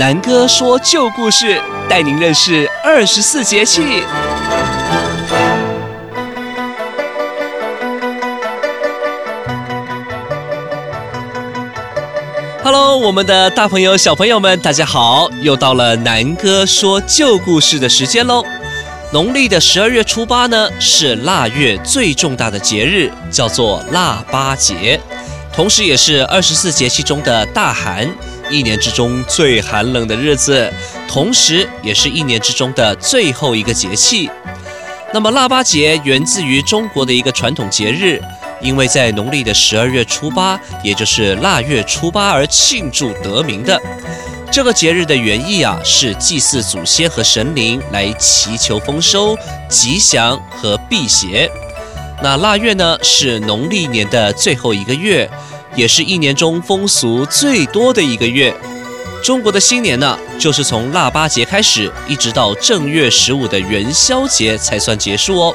南哥說舊故事，帶您認識二十四節氣。Hello，我們的大朋友、小朋友們，大家好！又到了南哥說舊故事的時間嘍。農曆的十二月初八呢，是臘月最重大的節日，叫做臘八節，同時也是二十四節氣中的大寒。一年之中最寒冷的日子，同時也是一年之中的最後一個節氣。那麼，臘八節源自於中國的一個傳統節日，因為在農曆的十二月初八，也就是臘月初八而慶祝得名的。這個節日的原意啊，是祭祀祖先和神靈，來祈求豐收、吉祥和辟邪。那臘月呢，是農曆年的最後一個月。也是一年中風俗最多的一個月。中國的新年呢、啊，就是從臘八節開始，一直到正月十五的元宵節才算結束哦。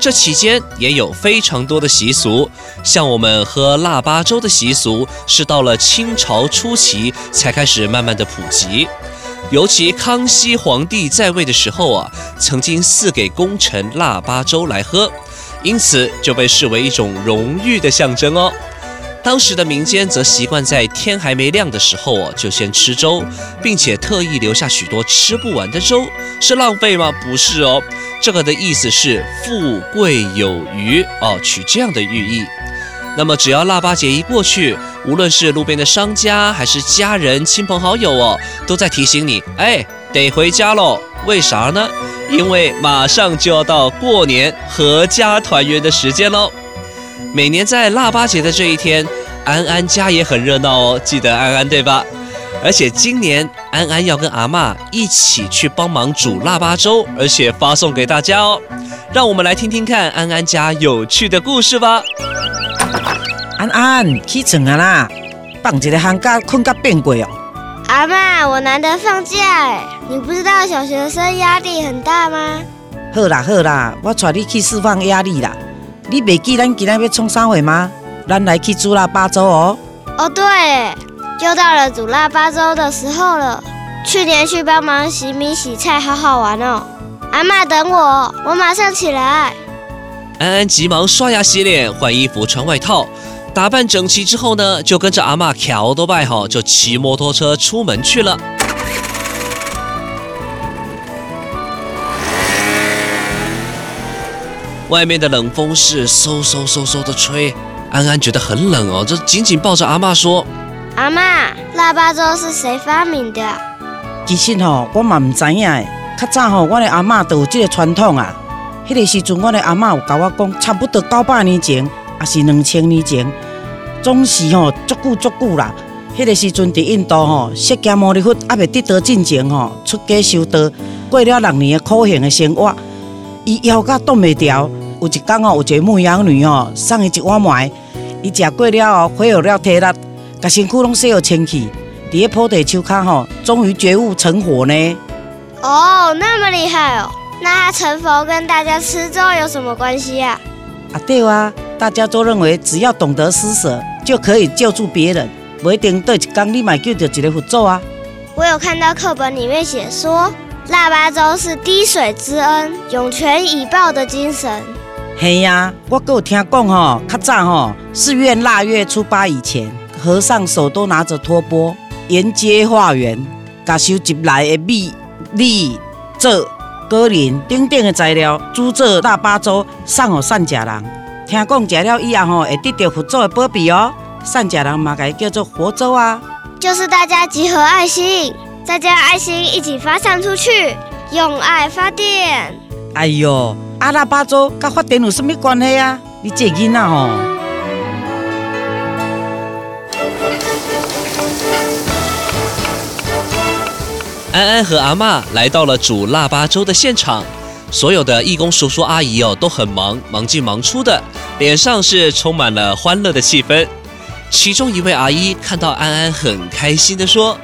這期間也有非常多的習俗，像我們喝臘八粥的習俗，是到了清朝初期才開始慢慢的普及。尤其康熙皇帝在位的時候啊，曾經賜給功臣臘八粥來喝，因此就被視為一種榮譽的象徵哦。當時的民間則習慣在天還沒亮的時候哦，就先吃粥，並且特意留下許多吃不完的粥，是浪費嗎？不是哦，這個的意思是富貴有餘哦，取這樣的寓意。那麼，只要臘八節一過去，無論是路邊的商家還是家人、親朋好友哦，都在提醒你，哎，得回家嘍。為啥呢？因為馬上就要到過年，闔家團圓的時間嘍。每年在臘八節的這一天，安安家也很熱鬧哦。記得安安對吧？而且今年安安要跟阿嬤一起去幫忙煮臘八粥，而且發送給大家哦。讓我們來聽聽看安安家有趣的故事吧。安安起床啊啦！放一個寒假困甲變鬼哦。阿嬤，我難得放假，哎，你不知道小學生壓力很大嗎？好啦好啦，我帶你去釋放壓力啦。你未記咱今那邊衝啥話嗎？咱來去煮臘八粥哦。哦，對，又到了煮臘八粥的時候了。去年去幫忙洗米洗菜，好好玩哦。阿嫲等我，我馬上起來。安安急忙刷牙洗臉、換衣服、穿外套，打扮整齊之後呢，就跟着阿嫲喬都拜好，就騎摩托車出門去了。外面的冷風是嗖嗖嗖嗖的吹，安安覺得很冷哦，就緊緊抱着阿嬤說：“阿嬤，臘八粥是誰發明的？”其實吼、哦，我嘛毋知影誒。較早吼，我的阿嬤都有這個傳統啊。迄個時陣，我的阿嬤有甲我講，差不多九百年前，也是兩千年前，總是吼足久足久啦。迄個時陣佇印度吼、哦，釋迦牟尼佛阿未得道進前吼、哦，出家修道，過了六年誒苦行誒生活。伊腰甲凍袂調，有一天哦，有一個牧羊女哦，送一隻碗糜，伊食過了哦，恢復了帶帶體力，甲身軀攏洗有清氣，佇菩提樹下吼，終於覺悟成佛呢。哦，那麼厲害哦！那他成佛跟大家吃粥有什麼關係啊？啊對啊，大家都認為只要懂得施捨，就可以救助別人，不一定對一工立馬救到一個佛祖啊。我有看到課本裡面寫說。臘八粥是滴水之恩，湧泉以報的精神。是呀、啊、我都有聽講吼、哦，較早吼是臘月初八以前，和尚手都拿着托缽，沿街化緣，把收集來的米、栗、蔗、高粱等等的材料，煮做臘八粥，送予善家人。聽講吃了以後會得到佛祖的保庇哦。善家人嘛，改叫做佛粥啊。就是大家集合愛心。再將愛心一起發散出去，用愛發電。哎呦，阿拉巴粥跟發電有什麼關係呀？啊、你這人啊、哦！安安和阿嬤來到了煮臘八粥的現場，所有的義工叔叔阿姨哦都很忙，忙進忙出的，臉上是充滿了歡樂的氣氛。其中一位阿姨看到安安，很開心地說。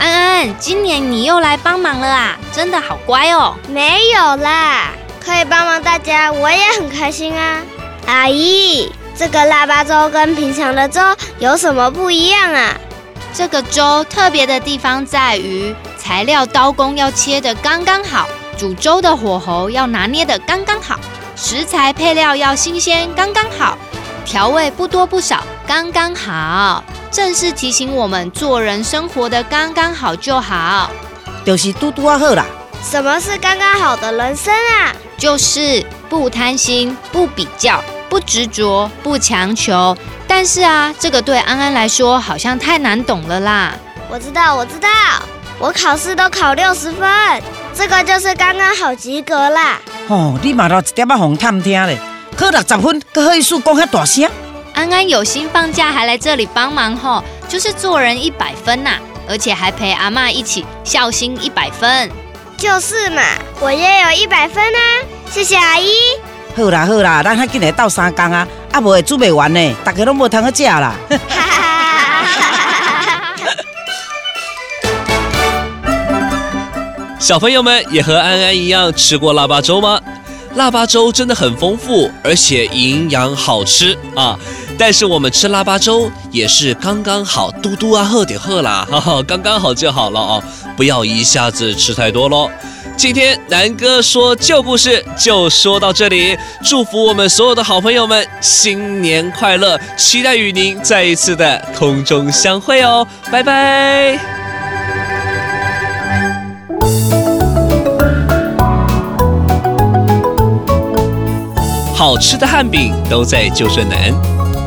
安安，今年你又來幫忙了啊！真的好乖哦。沒有啦，可以幫忙大家，我也很開心啊。阿姨，這個臘八粥跟平常的粥有什麼不一樣啊？這個粥特別的地方在於，材料刀工要切得剛剛好，煮粥的火候要拿捏得剛剛好，食材配料要新鮮剛剛好，調味不多不少剛剛好。正是提醒我們做人生活的剛剛好就好，就是嘟嘟啊。好啦。什麼是剛剛好的人生啊？就是不貪心、不比較、不執着、不強求。但是啊，這個對安安來說好像太難懂了啦。我知道，我知道，我考試都考六十分，這個就是剛剛好及格啦。哦，你媽都一點半紅探聽咧，考六十分，可可以輸講遐大聲。安安有心放假還來這裡幫忙吼，就是做人一百分吶，啊，而且還陪阿嬤一起孝心一百分。就是嘛，我也有一百分啊。謝謝阿姨。好啦好啦，咱還今日斗三缸啊，阿婆也煮未完呢，大家攏無通去吃啦。 小朋友們也和安安一樣吃過臘八粥嗎？臘八粥真的很豐富，而且營養好吃啊。但是我們吃臘八粥也是剛剛好，嘟嘟啊喝點喝啦，哈、哦、哈，剛剛好就好了哦，不要一下子吃太多嘍。今天南哥說舊故事就說到這裡，祝福我們所有的好朋友們新年快樂，期待與您再一次的空中相會哦，拜拜。好吃的漢餅都在舊振南。